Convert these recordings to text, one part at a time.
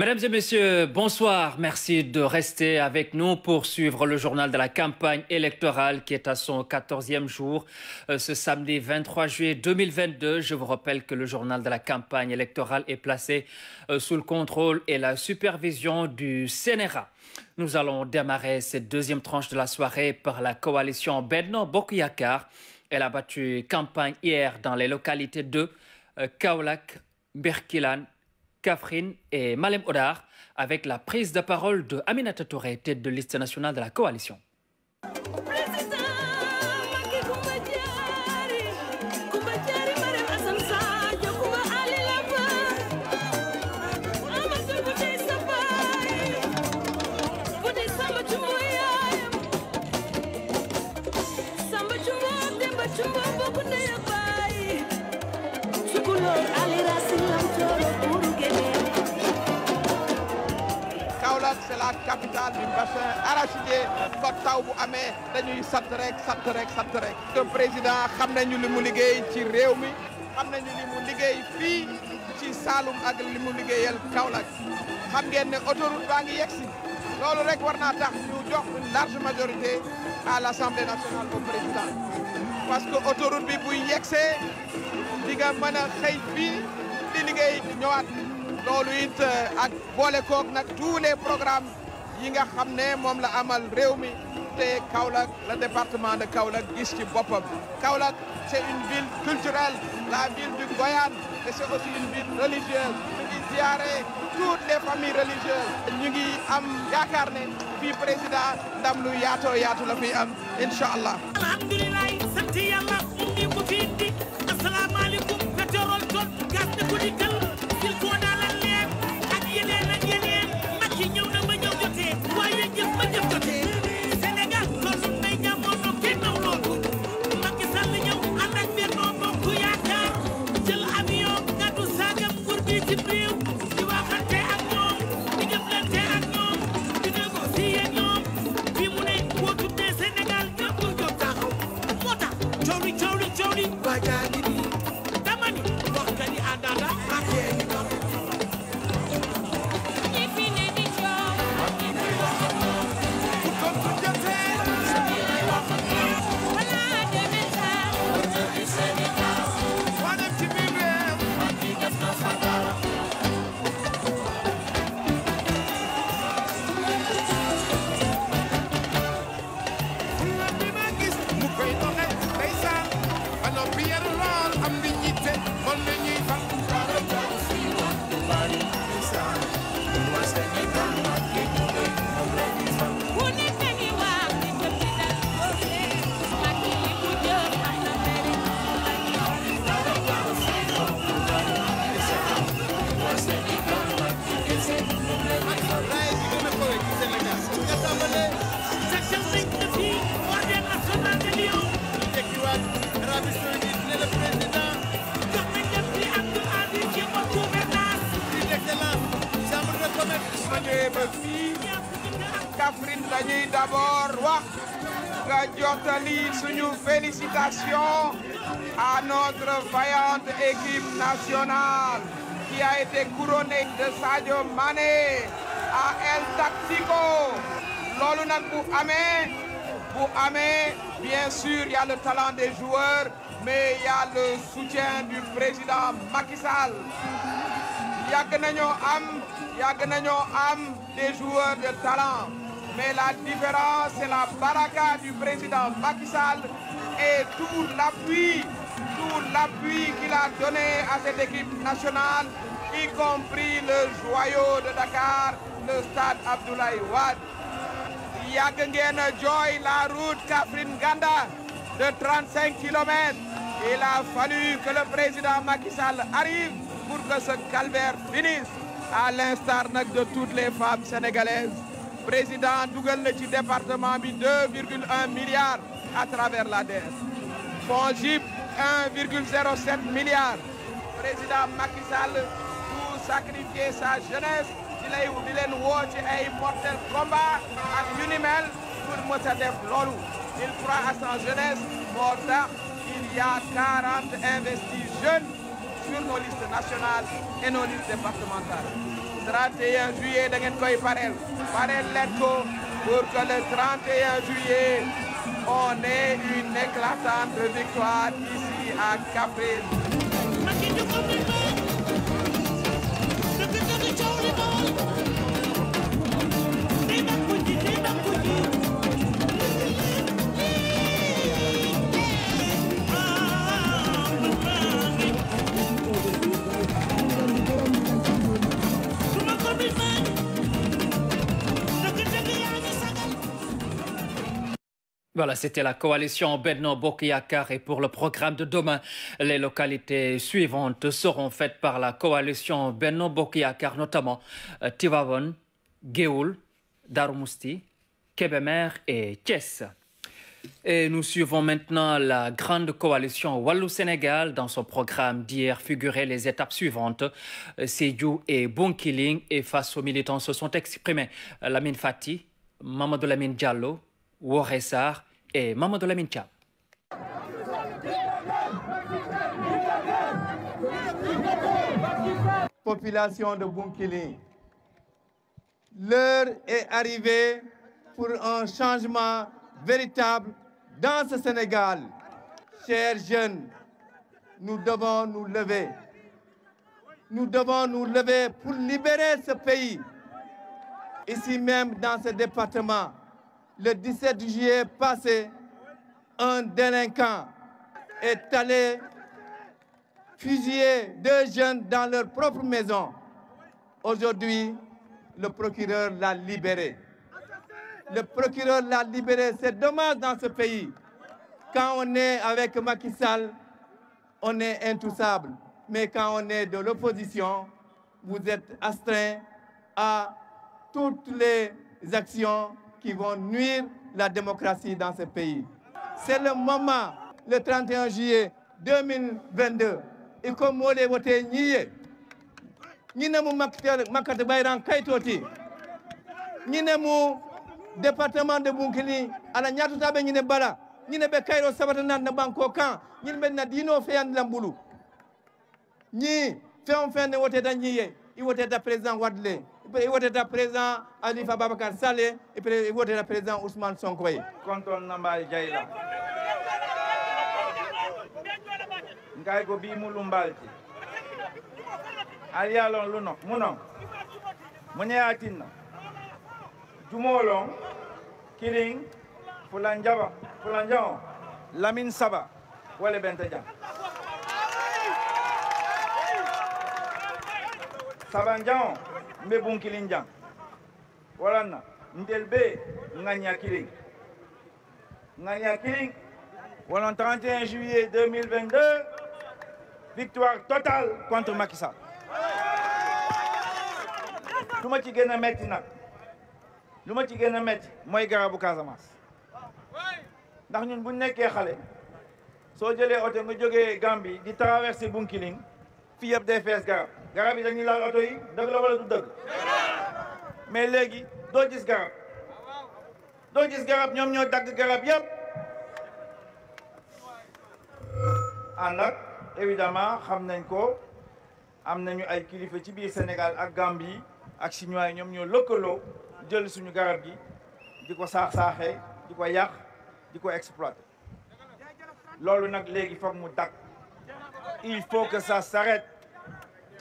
Mesdames et messieurs, bonsoir. Merci de rester avec nous pour suivre le journal de la campagne électorale qui est à son 14e jour euh, ce samedi 23 juillet 2022. Je vous rappelle que le journal de la campagne électorale est placé euh, sous le contrôle et la supervision du CNRA. Nous allons démarrer cette deuxième tranche de la soirée par la coalition Benno Bokuyakar. Elle a battu campagne hier dans les localités de euh, Kaolak, Berkilan, Catherine et Malem Odar, avec la prise de parole de Aminata Touré, tête de liste nationale de la coalition. la capitale du bassin arachidier fa taw bu amee dañuy sant rek sant rek sant rek. le président xam nañu li mu liggéey ci réew mi xam nañu li mu liggéey fii ci Saloum ak li mu liggéeyal Kaolack xam ngeen ne autoroute baa ngi yegg si loolu rek war naa tax ñu jox large majorité à l'Assemblée nationale au président parce que autoroute bi buy yegsee di nga mën a xëy fii di loolu it euh, ak boole koog nag tous les programmes yi nga xam la amal de le département de Kaolack gis ci c'est une ville culturelle la ville du Goyane et c'est aussi une ville religieuse nous avons toutes les familles religieuses nous ngi am yakarne président ndam lu yato yaatu la fi am d'abord roi, nga jottali félicitations à notre vaillante équipe nationale qui a été couronnée de Sadio Mané à El Tactico loolu pour bien sûr il y a le talent des joueurs mais il y a le soutien du président Macky Sall y a am que des joueurs de talent mais la différence, c'est la baraka du président Macky Sall et tout l'appui, tout l'appui qu'il a donné à cette équipe nationale, y compris le joyau de Dakar, le stade Abdoulaye Wade. Yagengen Joy, la route Catherine Ganda de 35 km. Il a fallu que le président Macky Sall arrive pour que ce calvaire finisse, à l'instar de toutes les femmes sénégalaises président Dougal le département bi 2,1 milliards à travers la DS. FONGIP 1,07 milliards. président Macky Sall pour sacrifier sa jeunesse il a le une ci ay mortel combat pour le a il croit à sa jeunesse pourtant il y a 40 investis jeunes sur nos listes nationales et nos listes départementales 31 juillet de ngeen koy parel. Parel let's go pour que le 31 juillet on ait une éclatante victoire ici à Capé. Voilà, c'était la coalition Benno bokyakar et pour le programme de demain, les localités suivantes seront faites par la coalition Benno bokyakar notamment euh, Tivavon, Geoul, Darmousti, Kebemer et Thiès. Et nous suivons maintenant la grande coalition Wallou-Sénégal. Dans son programme d'hier figuraient les étapes suivantes. Seyou et Bunkiling. et face aux militants se sont exprimés Lamine Fati, Mamadou Lamine Diallo, Waressar et Mamadou Lamincha. Population de Bunkili, l'heure est arrivée pour un changement véritable dans ce Sénégal. Chers jeunes, nous devons nous lever. Nous devons nous lever pour libérer ce pays. Ici même dans ce département, le 17 juillet passé, un délinquant est allé fusiller deux jeunes dans leur propre maison. Aujourd'hui, le procureur l'a libéré. Le procureur l'a libéré. C'est dommage dans ce pays. Quand on est avec Macky Sall, on est intouchable. Mais quand on est de l'opposition, vous êtes astreint à toutes les actions qui vont nuire la démocratie dans ce pays. C'est le moment, le 31 juillet 2022, et comme vous l'avez nié. Ni ne mou makate bayran kaitoti. Ni ne département de Bunkini à la tabe ni ne bala. Ni be kairo sabatana na banko kan. Ni ne na dino feyan lambulu. Ni fe on ne voter nié. Il président Wadley e présent, Ali alifa babacar et e wotata présent, ousmane sonko way jayla ngay ko bi mulu mbalti ari luno munon muñeyatinna jumolon kirin fulan jaba fulan lamin saba wala benta n bɛ bon Ndelbe, Voilà, wala na ntɛli bɛ 31 juillet 2022 victoire totale contre Macky Sall. lu ma ci gën a metti qui lu ma ci gën a Nous mooy garabu Casamance ndax ñun bu nekkee xale soo jëlee oto nga Gambie di traversé Bunkiling fii yëpp day fees là yi mais légui do gis garab do gis garab ñom ñoo dagg garab évidemment xam nañ ko am nañu ay Sénégal ak Gambie ak chinois ñom ñoo jël suñu garab gi diko sax saxé diko exploiter il faut que ça s'arrête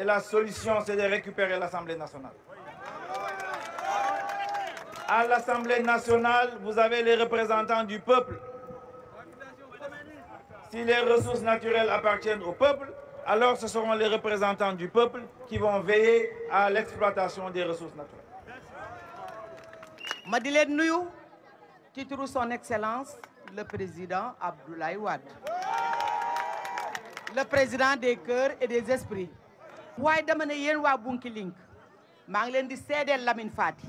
et la solution, c'est de récupérer l'Assemblée nationale. À l'Assemblée nationale, vous avez les représentants du peuple. Si les ressources naturelles appartiennent au peuple, alors ce seront les représentants du peuple qui vont veiller à l'exploitation des ressources naturelles. Madeleine Nouyou, qui trouve son excellence le président Abdoulaye Wade le président des cœurs et des esprits waaye dama ne yéen waa Bounkiling maa ngi leen di seedeel lamin Fati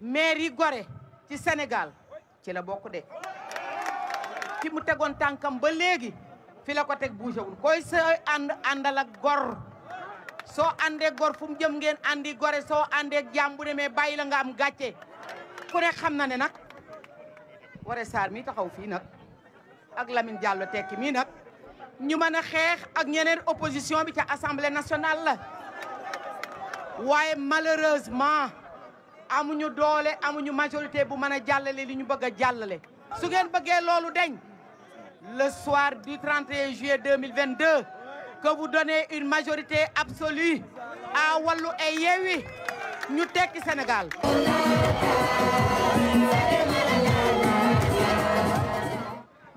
maire yi Gorée ci Sénégal ci la bokk de fi mu tegoon tànkam ba léegi fi la ko teg bougéwul koy sooy ànd àndal ak gor soo àndee gor fu mu jëm ngeen àndi Gorée soo àndee jàmm bu demee bàyyi la nga am gàcce ku ne xam na ne nag Woré Sarr mi taxaw fii nag ak Lamine Diallo tekki mii nag Nous avons une opposition bi l'Assemblée nationale malheureusement nous avons une majorité pour nous faire des li ñu bëgg a su le soir du 31 juillet 2022 que vous donnez une majorité absolue à Wallou et nous sommes au Sénégal.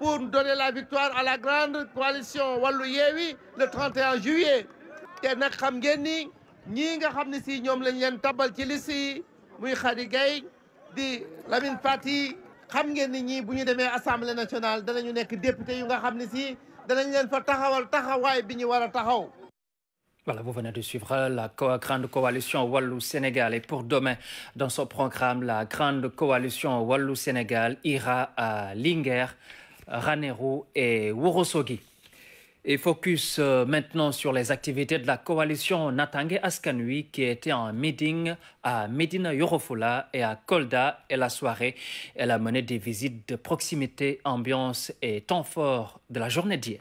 pour donner la victoire à la grande coalition Wallu Yewi le 31 juillet Et nag xam ngeen ni ñii nga xam ne si lañ leen tabal ci di Lamine Fati xam ngeen ni ñii assemblée nationale danañu nekk député yu nga xam ne si danañ leen fa taxawal Voilà, vous venez de suivre la grande coalition Wallou-Sénégal. Et pour demain, dans son programme, la grande coalition Wallou-Sénégal ira à Linger. Ranero et Worosogi. Et focus euh, maintenant sur les activités de la coalition Natangé Askanui qui était en meeting à Medina Yorofula et à Kolda et la soirée. Elle a mené des visites de proximité, ambiance et temps fort de la journée d'hier.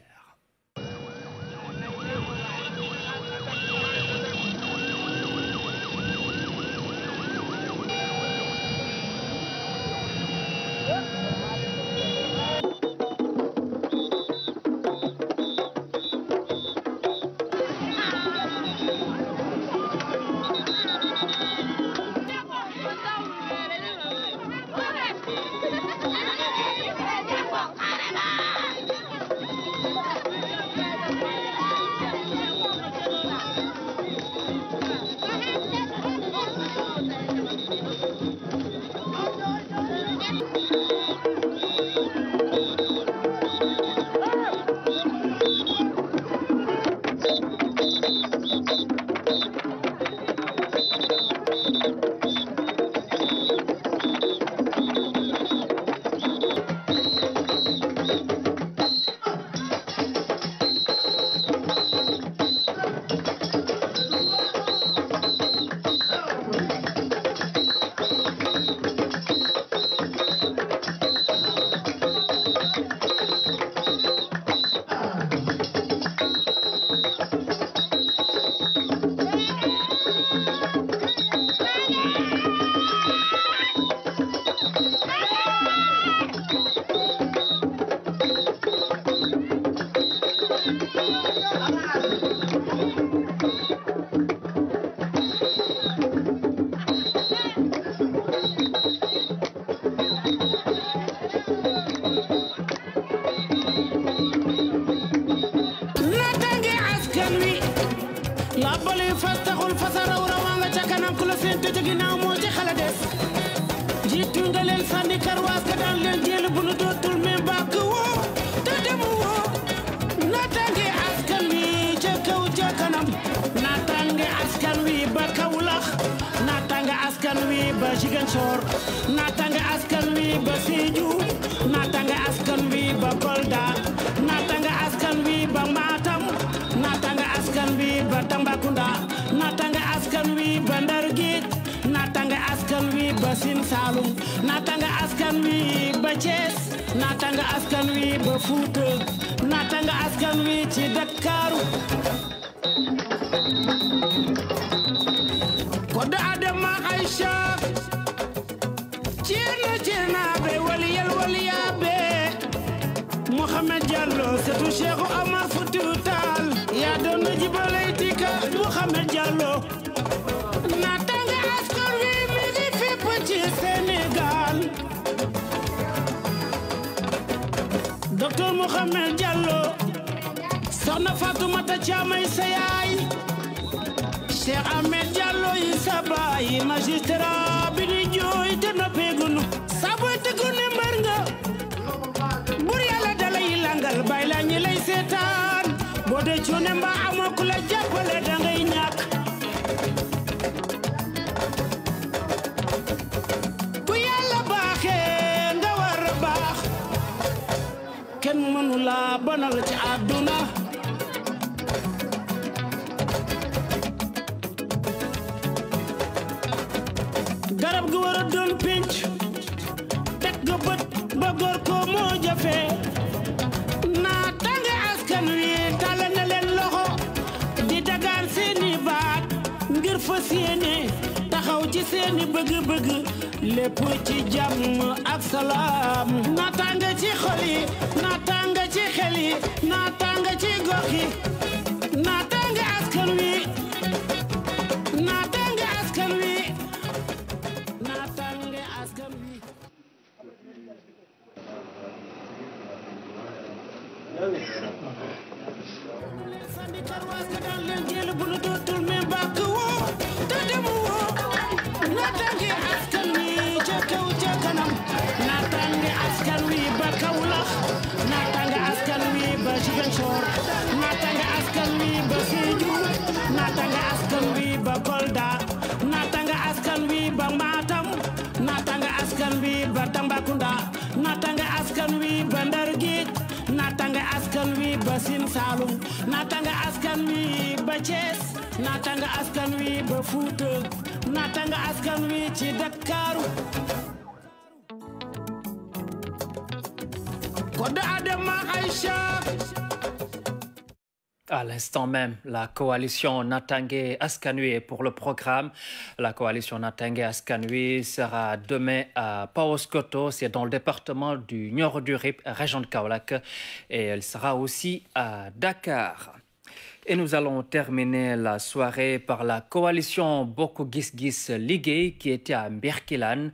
ba Sédhiou naata nga askan wi ba Kolda naata nga askan wi ba Matam Nata nga askan wi ba Tambacounda naata nga askan wi ba Ndar Géej naata nga askan wi ba Sine Saloum naata nga askan wi ba Thiès naata nga askan wi ba Fouta naata nga askan wi ci Dakaru ko da Adama Aïcha Ceerno Ceerno Mohamed Diallo setu Cheikh Omar Foutiou Tall yaa doon na jibale tika na tanga askan wi mi ngi fépp ci Sénégal docteur Mohamed Diallo soxna Fatoumata Thiamay sa yaay Cheikh Ahmed yi sa baay magistrat may cuune mbaa amoo ku la jàppale dangay ñàkk bu yàlla baaxee nga war a baax kenn mënu laa bonal ci àdduna garab gi war a doon pénc teg bët ba góor ko moo seeni bëgg-bëgg lépp ci jàmm ak salaam naataanga ci xol yi naataanga ci xel yi naataanga ci gox yi à l'instant même, la coalition Natangé Askanui est pour le programme. La coalition Natangé Askanui sera demain à Paoskoto, c'est dans le département du Nord du Rip, région de Kaolak, et elle sera aussi à Dakar. Et nous allons terminer la soirée par la coalition Boko Gis Gis Ligue qui était à Mbirkilan.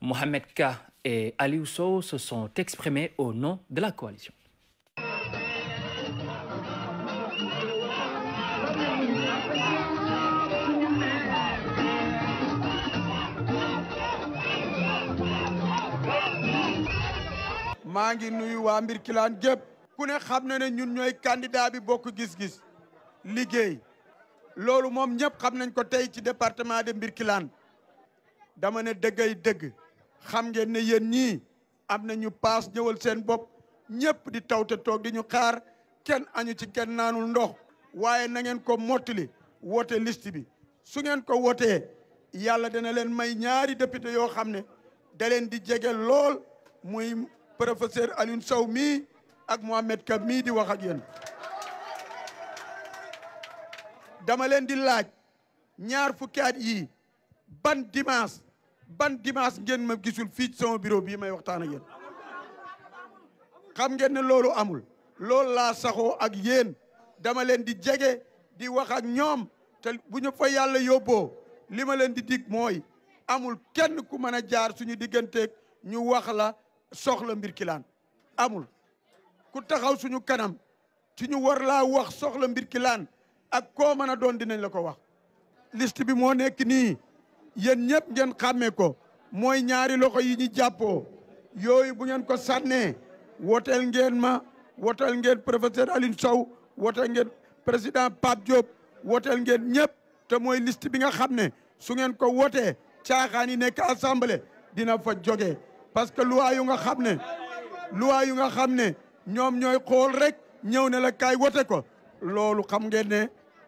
Mohamed K et Ali Ousso se sont exprimés au nom de la coalition. Mangi nuyu wa Mbirkilaan gep ku ne xamna ñun ñoy candidat bi Boko gis-gis liggéey loolu moom ñëpp xam nañ ko tey ci département de Birkilane dama ne dëggay dëgg xam ngeen ne yéen ñii am ñu paas ñëwal seen bopp ñëpp di taw te toog di ñu xaar kenn añu ci kenn naanul ndox waaye na ngeen ko mottali woote liste bi su ngeen ko wootee yàlla dana leen may ñaari député yoo xam ne da leen di jege lool muy professeur Alioune Sow mii ak Mohamed Ka mii di wax ak yéen dama leen di laaj ñaar fukki at yii ban dimanche ban dimanche ngeen ma gisul fii sama bureau bii may waxtaan ak yéen xam ngeen ne loolu amul loolu laa saxoo ak yéen dama leen di jege di wax ak ñoom te bu ñu fa yàlla yóbboo li ma leen di dig mooy amul kenn ku mën a jaar suñu digganteeg ñu wax soxla mbir kilaan amul ku taxaw suñu kanam suñu war laa wax soxla mbir kilaan ak koo mën don doon dinañ la ko wax liste bi moo nekk nii yéen ñëpp ngeen xàmmee ko mooy ñaari loxo yi ñu jàppoo yooyu bu ngeen ko sànnee woteel ngeen ma woteel ngeen professeur Alioune Sow woteel ngeen président Pape Diop woteel ngeen ñëpp te mooy liste bi nga xam ne su ngeen ko wotee caaxaan yi assemblée dina fa joge parce que loi yu nga xam ne loi yu nga xam ne ñoom ñooy xool rek ñëw ne la kaay wote ko loolu xam ngeen ne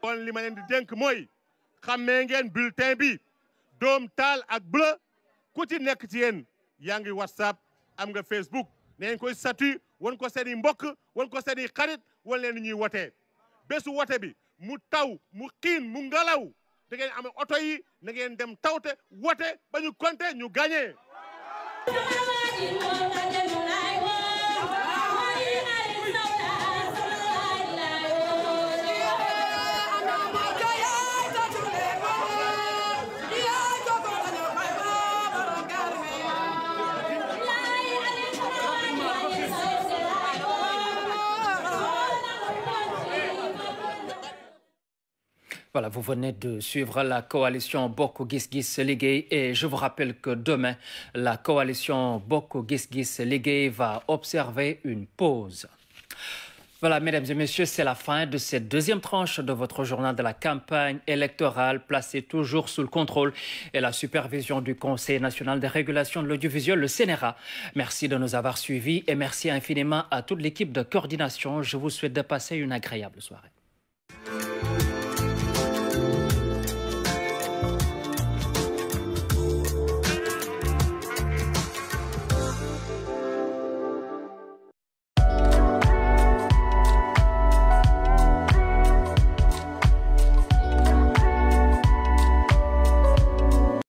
kon li ma leen di dénk mooy xam xammee ngeen tin bi doom taal ak bleu ku ci nekk ci yéen yaa ngi whatsapp am nga facebook neen koy statut wan ko seen i mbokk wan ko seen xarit wan leen ñuy wotee besu wote bi mu taw mu xiin mu ngalaw da ngeen am oto yi ngeen dem tawte wote ba ñu compter ñu gañe Voilà, vous venez de suivre la coalition Boko Gisgis Ligue et je vous rappelle que demain, la coalition Boko Gisgis Ligue va observer une pause. Voilà, mesdames et messieurs, c'est la fin de cette deuxième tranche de votre journal de la campagne électorale, placée toujours sous le contrôle et la supervision du Conseil national de régulation de l'audiovisuel, le CNRA. Merci de nous avoir suivis et merci infiniment à toute l'équipe de coordination. Je vous souhaite de passer une agréable soirée.